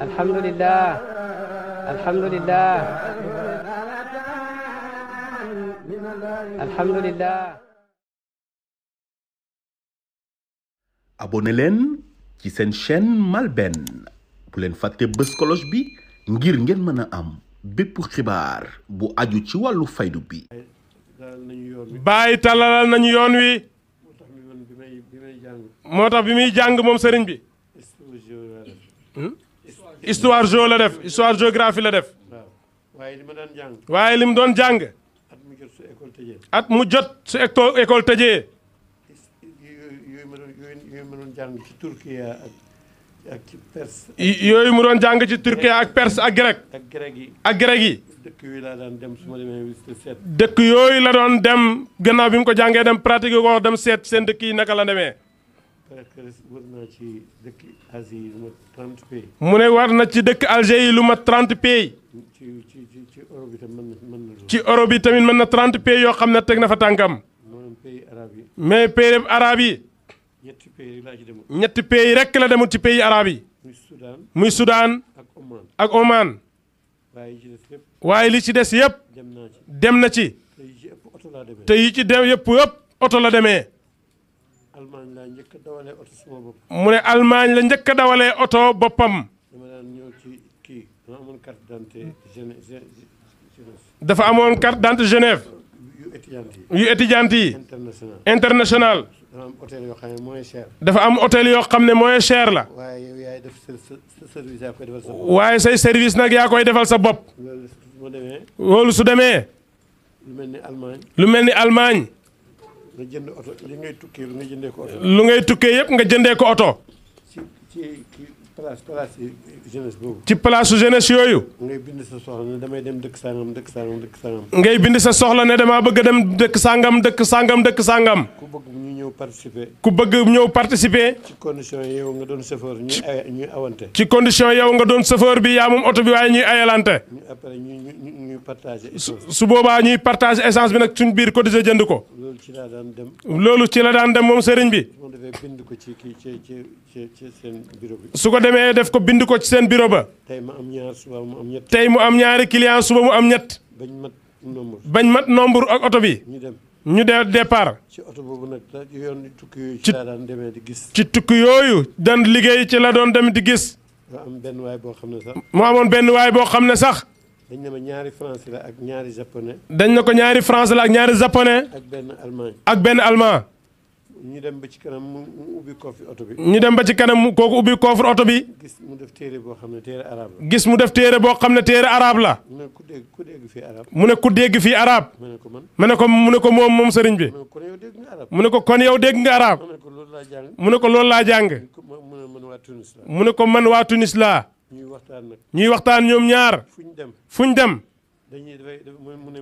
alhamdulilah alhamdulilah alhamdulilah. abonné leen ci seen chen MALBN bu leen fàtte bës cloche bi ngir ngeen mën a am bépp xibaar bu aju ci wàllu faydu bi. bàyyi talalal nañu yoon wi. moo tax bi muy jàng moom sëriñ bi. Hmm? histoire géo la def histoire géographie la def. waaye li ma daan jàng. waaye li mu doon jàng. at mu jot su école tëjee. jàng ak ci perse. yooyu mu doon jàng ci turquie ak perse ak grec. ak grec yi ak grec yi. dëkk yooyu dem su ma demee université seet. dëkk yooyu la doon dem gannaaw bi mu ko jàngee dem pratique ko dem seet seen dëkk yi naka la demee. mu ne war na ci dëkk Alger yi lu mat 30 pays. ci ci ci Europe yi tamit mën na. ci Europe yi tamit mën na 30 pays yoo xam ne teg na fa tànkam. mais pays arabe yi. ñetti pays rekk ci demul. ñetti pays la demul ci pays arabe yi. muy Soudan muy ak Oman ak Oman. waaye li ci des yëpp. dem na ci dem na ci. te yi oto laa demee. te ci dem yëpp yëpp oto la demee. Allemagne la njëkk a dawalee mu ne Allemagne la njëkk a oto boppam. dama daan ñëw amoon carte d'identité Genève. dafa amoon carte d'identité yu étudiante yi international. dafa am hôtel yoo xam ne mooy cher. dafa am hôtel yoo xam ne mooy cher la. waaye yow yaay def sa sa bopp. waaye say service nag yaa koy defal sa bopp. loolu su demee. su demee. lu mel ni Allemagne. lu mel ni Allemagne. nga jënd oto li ngay tukkee nga jëndee ko lu ngay tukkee yëpp nga jëndee ko oto. place place jeunesse boobu. ci place su jeunesse yooyu. ngay bind sa soxla ne damay dem dëkk sangam dëkk sangam dëkk sangam. ngay bind sa soxla ne damaa bëgg a dem dëkk sangam dëkk sangam dëkk sangam. ku bëgg ñu ñëw participer. ku bëgg ñëw participer. ci condition yow nga doon chauffeur ñuy ñuy awante. ci condition yow nga doon chauffeur bi yaa moom oto bi waaye ñuy ayalante. ñu après ñu ñu ñu su boobaa ñuy partager essence bi nag suñ biir cotiser jënd ko. loolu ci la daan dem. loolu ci la daan dem moom sëriñ bi. bind ko ci kii ci ci ci seen bureau su ko demee def ko bind ko ci seen bureau ba. tey mu am ñaar suba mu am tey mu am ñaari client suba mu am ñett. bañ mat nombre. bañ mat nombre ak oto bi. ñu dem ñu dee départ. ci oto boobu nag yoon tukki yooyu. ci la daan demee di gis. ci tukki yooyu. daan liggéey ci la doon dem di gis. mu benn waay boo xam ne sax. amoon benn waay boo xam ne sax. dañ ne ma ñaari français la ak ñaari japonais. dañ ne ko ñaari français la ak ñaari ak benn allemand. ak benn allemand. ñuy dem ba ci kanam mu ubbi coffre oto bi. ñu dem ba ci kanam kooku ubbi coffre oto bi. gis mu def téere boo xam ne téere arab la. mu def téere boo xam ne téere arab la. mu ne dégg ku dégg fii arab. mu ne ku dégg fii arab. mu ne ko man ne ko mu ne ko moom moom sëriñ bi. mu ne ko kon yow dégg nga arab. mu ne ko loolu laa jàng. mu ne ko loolu laa jàng. mu ne man waa Tunis laa. mu ne ko man waa Tunis laa. ñuy waxtaan ñuy waxtaan ñoom ñaar. fuñ dem fuñ dem. dañuy mu ne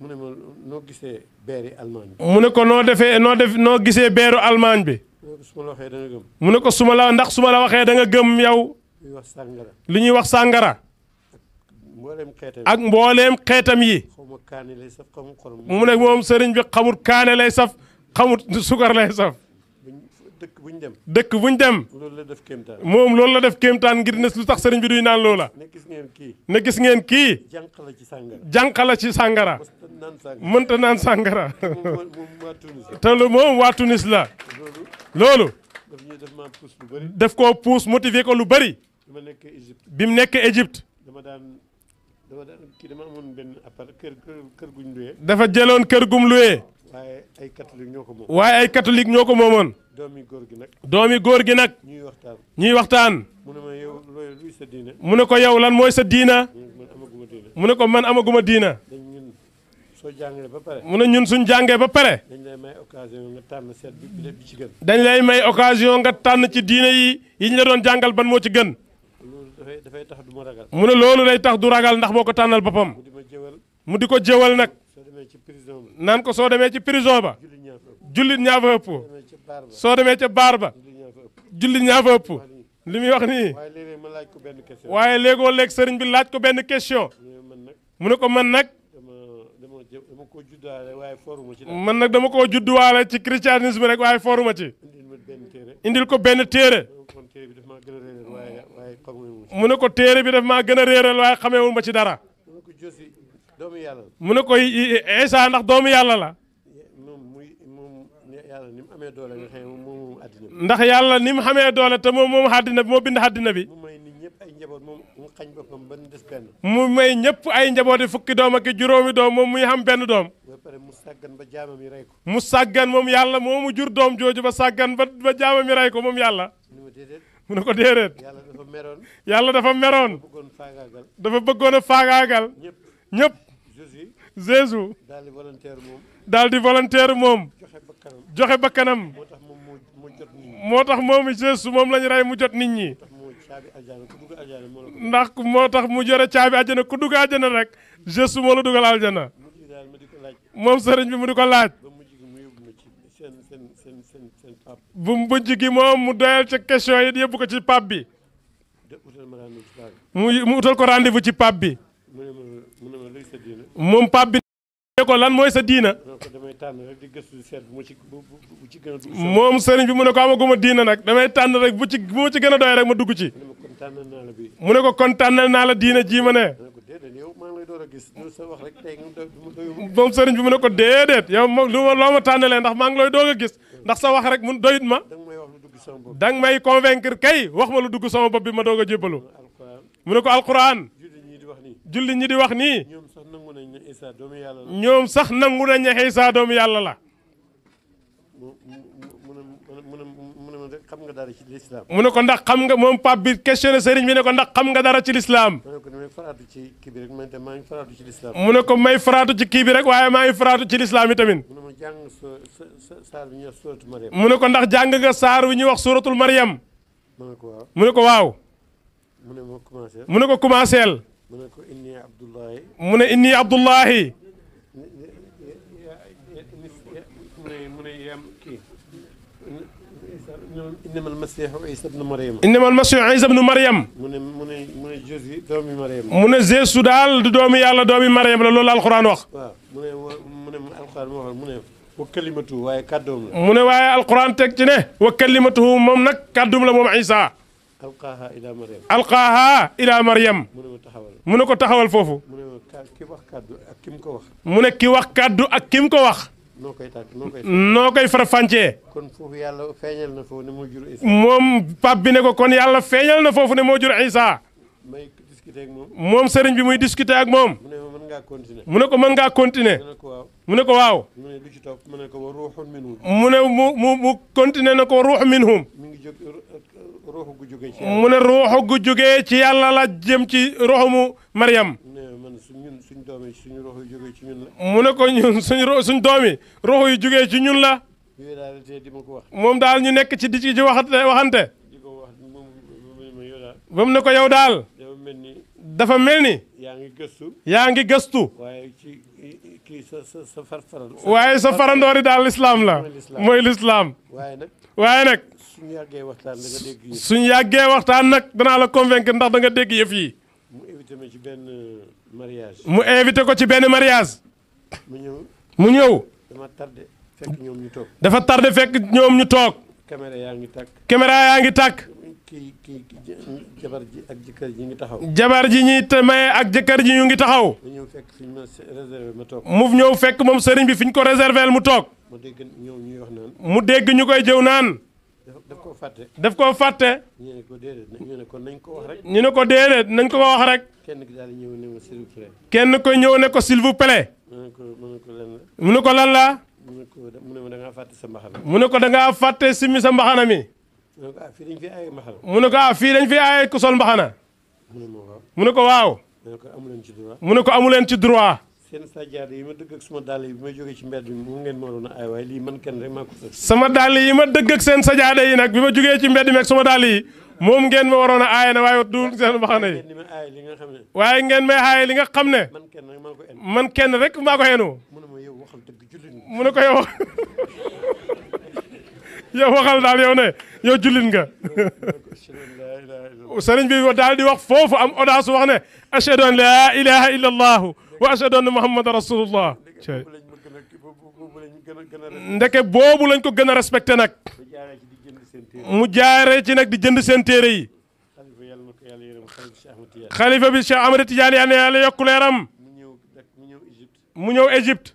mu ne ma noo gisee beeri almaañ bi. mu ne ko noo defee noo def noo gisee beeru almaañ bi. mu ne ko su ma la ndax su ma la waxee da nga gëm yow. li ñuy wax sàngara. ak mbooleem xeetam yi. mu ne moom sëriñ bi xamut kaane lay saf xamut sukar lay saf. dëkk bu dem dëkk bu dem. loolu la def kéemtaan moom loolu la def kéemtaan ngir ne lu tax sëriñ bi duy naan loola. ne gis ngeen kii ne gis ngeen kii. jànq la ci sàngara jànq ci sàngara. mënta naan sàngara te lu moom waa Tunis la loolu daf koo puus motiver ko lu bëri bi mu nekk Égypte dafa jëloon kër gum luye waaye ay catholique ñoo ko moom waaye ay catholique ñoo ko moomoon doomi góor gi nag doomi góor gi nag ñuy waxtaan ñuy waxtaan mu ne ma yow luy sa diina mu ne ko yow lan mooy sa diina mu ne ko man amaguma diina soo jàngee ba pare. mu ne ñun suñ jàngee ba pare. dañ lay may occasion nga tànn seet ci diine yi yi la doon jàngal ban moo ci gën. loolu dafay dafay tax du ma ragal. mu ne loolu day tax du ragal ndax moo ko tànnal boppam. mu di ma jëwal mu di ko jëwal nag. soo demee ci prison ba. naan ko soo demee ci prison ba. jullit ñaa fa ëpp. soo demee ca baar ba. jullit ñaa fa ëpp. li muy wax nii. waaye léegoo léeg sëriñ bi laaj ko benn question. mu ne ko man nag. man nag dama koo judduwaale ci christianisme rek waaye foruma ci. indil ko benn téere. mu ne ko téere bi daf maa gën a réeral waaye xamewul ma ci dara. mu ne ko Isa ndax doomu yàlla la. ndax yàlla ni mu xamee doole te moom moom àddina bi moo bind àddina bi. njaboot moom mu xañ boppam ba des benn. mu may ñëpp ay njabooti fukki dooma ak juróomi doom moom muy xam benn doom. ba pare mu sàggan ba jaamam yi rey mu sàggan moom yàlla moomu jur doom jooju ba sàggan ba ba jaamam yi ko moom yàlla. mu ne ko déedéet. yàlla dafa meroon. yàlla dafa meroon. dafa bëggoon a faagaagal. ñëpp. Jésus. daal di volontaire moom. daal di volontaire moom. joxe ba kanam bakkanam. moo tax moom moo jot moo tax moom Jésus moom la ñu rey mu jot nit ñi. ndax moo tax mu jore caabi àjjana ku dugg àjjana rek Jésus moo la dugal àjjana moom sëriñ bi mu di ko laaj bu mujj gi moom mu doyal ca question yi yóbbu ko ci pape bi mu utal ko rendez-vous ci pape bi moom pape bi ne ko lan mooy sa diina moom sëriñ bi mu ne ko amaguma diina nag damay tànn rek bu ci bu ci gën a doy ma dugg ci mu ne ko kon tànnal la diina jii ma ne moom sëriñ bi mu ne ko déedéet yow moom lu ma loo tànnalee ndax maa ngi looy doog a gis ndax sa wax rek mun doyut ma da nga may convaincre kay wax ma lu dugg sama bopp bi ma doog a jébbalu mu ne ko alquran julli ñi di wax nii ñoom sax nangu nañ ne saa doomu yàlla la. mu ne ko ndax xam nga moom pape bi questionné sëriñ bi ne ko ndax xam nga dara ci lislaam mu ne ko may faraatu ci kii bi rek waaye maa ngi faraatu ci lislaam yi tamit mu ne ko ndax jàng nga saar wi ñuy wax suuratul Maryam mu ne ko waaw mu ne ko commencé mu ne ko commencé mu ne ko inni Abdullahi. mu ne inni Abdullahi. mu ne yam kii. innama almasihu isa bnu mariam. innama almasihu isa bnu mariam. mu ne mu ne mu ne Jésu doomi mariam. mu ne Jésu daal du doomi yàlla doomi mariam la loolu alxuraan wax. waaw mu ne mu ne alxuraan moo xam mu ne. wa kalimatuhu waaye kàddoom la. mu ne waaye alxuraan teg ci ne. wa kalimatuhu moom nag kàddoom la moom Isa. alqaaha ila maryam alqaaha ila maryam mu ne ko taxawal foofu mu ne ki wax kàddu ak kim ko wax mu ne ki wax kàddu ak kim ko wax noo koy tàgg noo koy noo koy farfancee kon foofu yàlla feeñal na foofu ne moo jur Isa moom pap bi ne ko kon yàlla feeñal na foofu ne moo jur Isa may discuter ak moom moom sëriñ bi muy discuter ak moom mu ne mën ngaa continuer mu ne ko mën ngaa continuer mu ne ko waaw mu ne lu ci topp mu ne ko wa ruuxun minhum mu ne mu ko ruux minhum mi ruuxu gu jógee ci mu ne ruuxu gu jógee ci yàlla la jëm ci ruuxu mu Mariam. suñ doom yi suñu ruux yu jógee ci ñun mu ne ko ñun suñu suñ doom yi ruux yu jógee ci ñun la. yooyu daal di ma ko wax. moom daal ñu nekk ci di ci waxante waxante. ko wax moom ba mu ne ko yow daal. dafa mel ni. dafa mel ni. yaa ngi gëstu. yaa ngi gëstu. waaye ci kii sa sa waaye sa farandoor daal lislaam la. mooy lislaam waaye nag. suñu yàggee waxtaan la nga dégg yëf suñu yàggee waxtaan nag danaa la convaincre ndax da nga dégg yëf yi. mu invité ma ci benn mariage. mu invité ko ci benn mariage. mu ñëw mu ñëw. dama tardé fekk ñu toog. dafa tardé fekk ñoom ñu toog. caméra yaa ngi tàkk. caméra ngi tàkk. kii kii jabar ji ak jëkkër ji ngi taxaw. jabar ji ñuy maye ak jëkkër ji ñu ngi taxaw. mu ñëw fekk fi mu ñëw fekk moom sëriñ bi fi ñu ko réservé mu toog. mu dégg ñëw ñuy wax naan. mu dégg ñu koy jëw naan. daf koo fàtte. daf koo fàtte. ñu ne ko déedéet ko nañ ko wax rek. ñu ne ko déedéet nañ ko wax rek. kenn ki daal ñëw ne ma s'il vous kenn ko ñëw ne ko s'il vous plaît. mu ne ko lan la. mu ne ko lan la. mu ne ko da mu ne mbaxana. mu ne ko da fàtte simmi sa mbaxana mi. mu ne ko ah fii dañ fi aaye mbaxana. mu ne ko fii dañ fi aaye sol mbaxana. mu ne ko waaw. mu ne ko waaw. amu leen ci droit. mu ne ko amu leen ci droit. seen sajjaada yi ma dëgg ak sama dàll yi bi ma jógee ci mbedd mi moom ngeen a ay waaye lii sama dàll yi ma dëgg ak seen sajjaada yi nag bi ma jógee ci mbedd mi ak sama dàll yi moom ngeen ma waroon a aaye na waaye du seen baxana yi waaye ngeen may aaye li nga xam ne man kenn rek maa ko yenu mu ne ko yow yow waxal daal yow ne yow jullit nga sëriñ bi daal di wax foofu am audace wax ne ashhadu laa ilaha illa wa ashhadu anna muhammadan rasulullah ndeke boobu lañ ko gën a respecté nag mu jaaree ci nag di jënd seen téere yi xalifa bi Cheikh Ahmed Tidiane yal na yàlla yokk leeram mu ñëw Égypte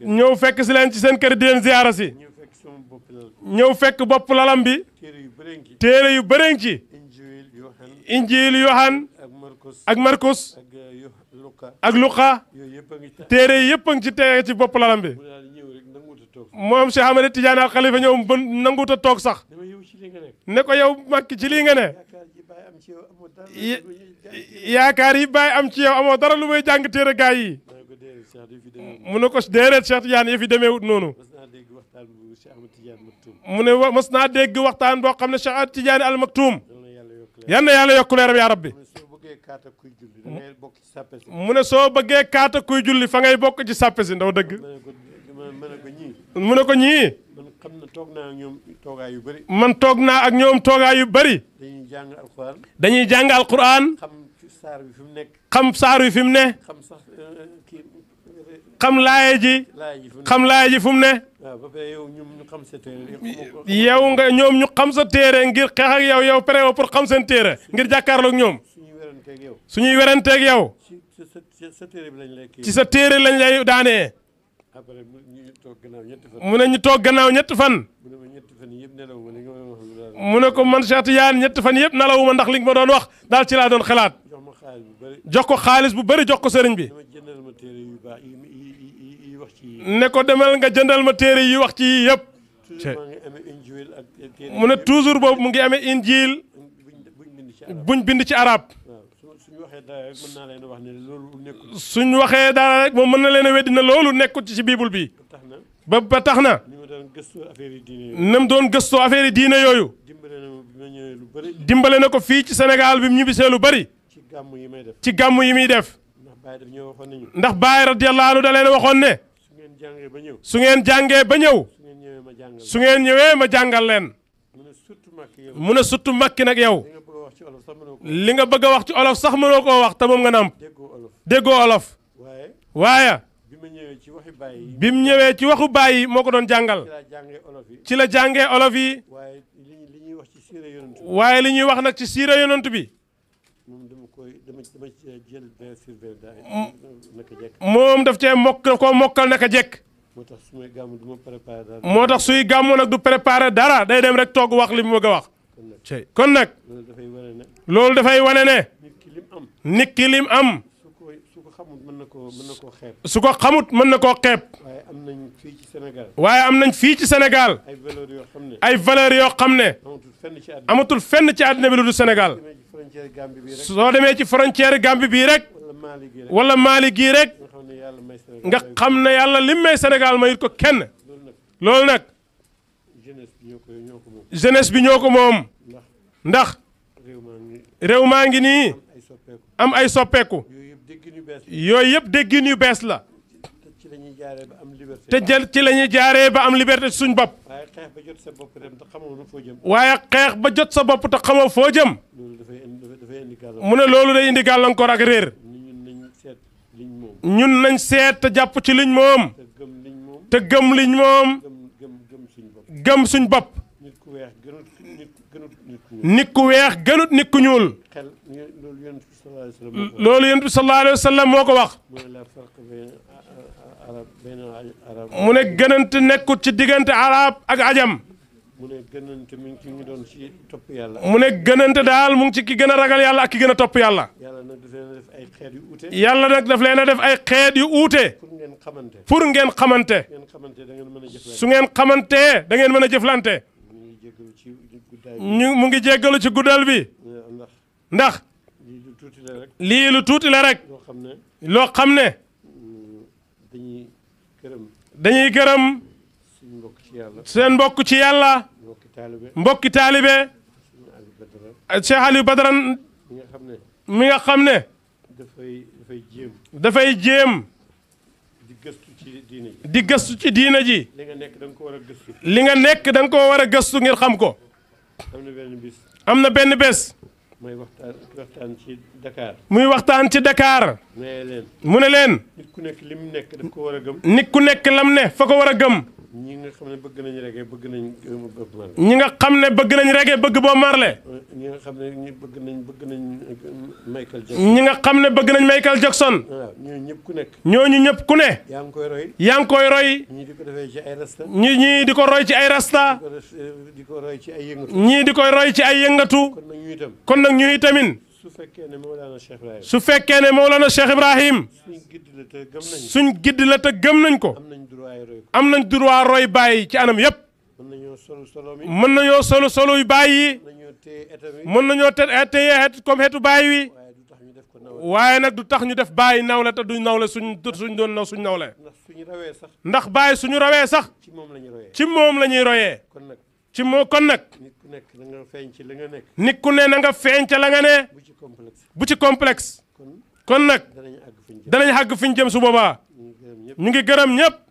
ñëw fekk si leen ci seen kër di leen ziyaara si ñëw fekk bopp lalam bi téere yu bëri ngi ci injiil yohan ak markus ak luqa téere yëpp a ngi ci tege ci bopp lalam bi moom Cheikh Ahmed Tidiane al Khalifa ñëw ba nanguut a toog sax ne ko yow Macky ci lii nga ne yaakaar yi bàyyi am ci yow amoo dara lu may jàng téere gaay yi mu ne ko déedéet Cheikh Tidiane yëf yi demeewut noonu mu ne mas naa dégg waxtaan boo xam ne Cheikh Tidiane al Maktoum yan na yàlla yokk leeram yaa rabbi kaata kuy julli bokk ci mu ne soo bëggee kaata kuy julli fa ngay bokk ci sàppe si ndaw dëgg mu ne ko ñii mu ne ko ñii man xam na toog naa ak ñoom toogaay yu bëri man toog naa ak ñoom toogaay yu bëri dañuy jàng alquran dañuy jàng alquran xam saar bi fi mu nekk xam saar fi mu ne xam sax eh, kii eh, xam laaye ji xam laaye fu mu ne yow nga ñoom ñu xam sa téere ngir xeex ak yow yow pare pour xam seen téere ngir jàkkaarloog ñoom su ñuy weranteeg yow. ci sa téere lañ lay daanee. mu ne ñu toog gannaaw ñetti fan. mu ne ko man Cheikh Tidiane ñetti fan yëpp nelawuma ndax li ma doon wax daal ci laa doon xalaat. jox ko xaalis bu bari jox ko sëriñ bi. ne ko demal nga jëndal ma téere yi wax ci yii yëpp. mu ne boobu mu ngi amee injiil buñ bind ci arab suñ waxee dara rek moom mën na leen a weddi na loolu nekkut ci biibul bi ba ba tax na nam doon gëstoo affaire yi diine yooyu dimbale na ko fii ci Sénégal bi mu ñibbisee lu bari ci gàmm yi muy def ci gàmm yi muy def ndax Baay radiyallahu anhu da leen waxoon ne su ngeen jàngee ba ñëw su ngeen ñëwee ma jàngal leen mu ne surtout màkki nag yow li nga bëgg a wax ci olof sax mënoo koo wax te moom nga nàmp déggoo olof waaye bi mu ñëwee ci waxu baay bi mu ñëwee ci waxu baay yi moo ko doon jàngal ci la jàngee olof yi waaye li ñuy wax ci siira waaye li ñuy wax nag ci siira yonent bi moom def cee mokk koo mokkal naka jekk moo tax suy gàmm nag du préparé dara day dem rek toog wax li mu bëgg a wax cey kon nag loolu dafay wane ne nit ki lim am su ko xamut mën na koo mën na koo xeeb. su ko xamut mën na koo xeeb. waaye am nañ fii ci Sénégal. waaye am nañ fii ci Sénégal. ay valeurs yoo xam ne. ay valeurs yoo xam ne. amatul fenn ci àddina fenn ci àddina bi lu dul Sénégal. soo demee ci frontière Gambie bii rek. wala maali gii rek. nga xam ne yàlla lim may Sénégal mayut ko kenn. loolu nag. jeunesse bi ñoo koy ñoo jeunesse bi ñoo ko moom ndax réew maa ngi nii am ay soppeeku yooyu yëpp déggin yu bees la te jël ci la ñuy jaaree ba am liberté suñ bopp waaye xeex ba jot sa bopp te xamoo foo jëm waaye xeex ba jot sa bopp te xamoo foo jëm mu ne loolu day indi gàllankoor ak réer ñun nañ seet te jàpp ci liñ moom te gëm liñ moom gëm suñ bopp nit ku weex gënut nit ku ñuul. loolu yonent bi sallallahu alayhi wa moo ko wax. mu ne gënante nekkut ci diggante arab ak ajam. mu ne gënante mi ngi ci ñu doon ci topp yàlla. mu ne gënante daal mu ngi ci ki gën a ragal yàlla ak ki gën a topp yàlla. yàlla nag daf leen a def ay xeet yu uute. yàlla nag daf leen a def ay xeet yu uute. pour ngeen xamante. pour ngeen xamante. su ngeen xamante da ngeen mën a jëflante. mu ngi jéggalu ci guddal bi ndax lii lu tuuti la rek loo xam ne dañuy gërëm dañuy gërëm seen mbokk ci yàlla mbokki taalibe Cheikh Aliou Badara mi nga xam ne dafay dafay jéem dafay jéem di gëstu ci diina di gëstu ci diina ji li nga nekk da ko war a li nga nekk da ko war a gëstu ngir xam ko am na benn bis. am na benn bés. muy waxtaan ci Dakar. muy waxtaan ci Dakar. mu ne leen. nit ku nekk lim nekk daf ko war a gëm. nit ku nekk lam ne fa ko war a gëm. ñi nga xam ne bëgg nañ reggae bëgg nañ bëgg Bob ñi nga xam ne bëgg nañ reggae bëgg Bob Marley. nga xam ne ñu bëgg nañ bëgg eh, ñi nga xam ne bëgg nañ Michael Jackson. waaw ñooñu ñëpp ku nekk. ñoo ñu ñëpp ku ne. yaa ngi koy roy. yaa ngi koy roy. ñii di ko defee ci ay rasta. ñii ñii di ko roy ci ay eh, di ko roy ci ay yëngatu. ñii di koy roy ci ay yëngatu. kon nag ñu itam. kon nag ñu itamit. su fekkee ne Mawlana Cheikh Ibrahim. su fekkee ne Mawlana Cheikh Ibrahim. suñ gidd la te gëm nañ ko. suñ gëm nañ ko. am nañ droit roy am nañ droit roy bàyyi ci anam yëpp. mën nañoo solo solo bàyyi. mën nañoo te eh, téye xeet comme xeetu baay wi waaye nag du tax ñu def bàyyi nawle te du nawle suñ suñ doon naw suñ nawle ndax bàyyi suñu rawee sax ci moom la ñuy royee ci moo kon nag nit ku nekk na nga feeñ ci la nga nekk nit ku ne na nga feeñ ca la nga bu ci complexe kon nag danañ àgg fi ñu jëm su boobaa ñu ngi gërëm ñëpp